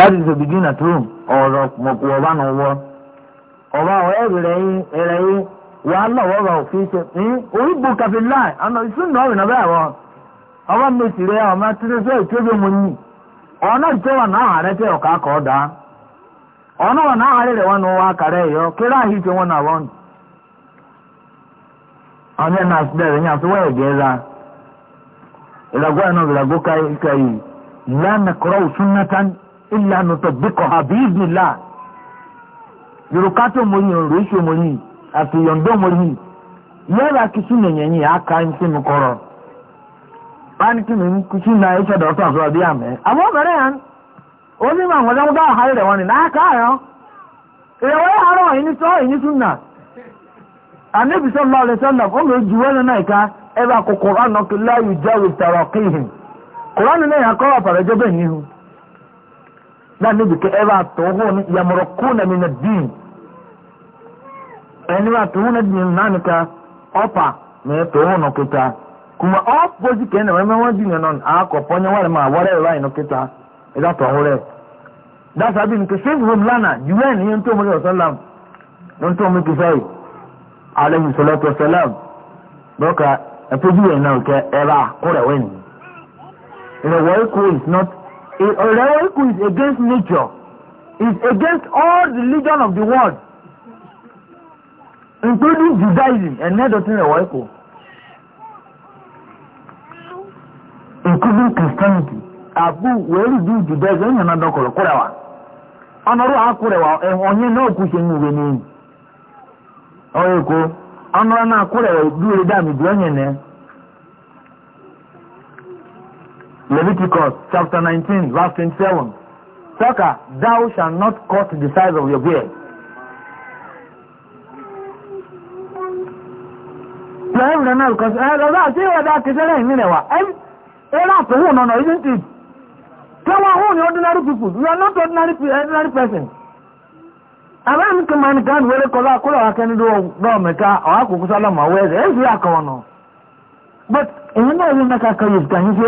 That is the beginning at home ọ̀rọ̀ mọ̀kù ọba nà Ọba lọ òfin ṣe ní láì ìṣúná Ọba mi sì rẹ ọmọ mu yìí. Ọ̀nà náà tẹ ọ̀ka kọ̀ Ọ̀nà wà náà rẹ̀ wọn yọ kíra wọn wọn. náà bẹ̀rẹ̀ ẹ̀gẹ́ ra. ẹ̀ náà káyì. ìlànà tọ̀gbẹ́kọ̀ àbí ìbìlà yorùká tó mọ yìí ọ̀rọ̀ èso mọ yìí àti yọ̀ǹdọ́ mọ yìí yẹ́rà kìsù nìyẹn yìí kí ni kìsù náà ẹ̀ ṣọ̀dọ̀ ọ̀tún àfọwọ́ bí àwọn ọ̀bẹ̀rẹ̀ yẹn ó ní mà wọ́n dáwọ́ dáwọ́ àárẹ̀ wọn ni láàká yọ ìyàwó yà ní sùn náà ó lè ju náà ìka náà yà na ne bika ɛba toho ne yamurɔko na mina din ɛne ba toho na din na nika ɔpa na yɛ toho no kita kuma ɔposi kɛn na wɔmɛ wɔn din nɔn akɔ pɔnyɛ wɔre ma wɔre ɛba yɛ no kita ɛda toho rɛ dasa bi nke save home lana juwɛn ne yɛ ntomo yɛ ɔsɛlam ne ntomo kisa yi alehi sɔlɔtɔ sɛlam dɔka ɛpɛ bi yɛn na kɛ ɛba is not A, rebel who is against nature is against all religion of the world, including Judaism and Nedotin Ewaiko, including Christianity. Abu wey do Judaism and náà dọ́kọ̀rọ̀ kúrẹ̀ wa. Ọ̀nàrú àkúrẹ̀ wa ẹ̀họ̀n yẹn náà kú ṣe ń wúwe ní ọ̀rẹ́ èkó. Ọ̀nàrú náà kúrẹ̀ wa dúró dáàmì dúró yẹn náà. Leviticus chapter 19 verse 27. Saka, thou shalt not cut the size of your beard. Lẹ́yìn rẹ̀ náà kọ́sí, ẹ lọ́dọ̀ àti ìwọ̀dà kìsẹ́rẹ́ ìní rẹ̀ wá. Ẹ rà tó hùn ọ̀nà isn't it? Ṣé wọ́n hùn ní ordinary people? You are not ordinary, ordinary person. Àbẹ́ mi kì máa ní káàdì wẹ́rẹ́ kọ́lá kúrò akẹ́ni dọ́ọ̀mẹ́ta ọ̀hákùnkú sálọ̀mọ̀ wẹ́ẹ̀rẹ̀ ẹ̀ sì àkọ́ ọ̀nà. But èyí náà yóò mẹ́ka kan yóò kàn yín sí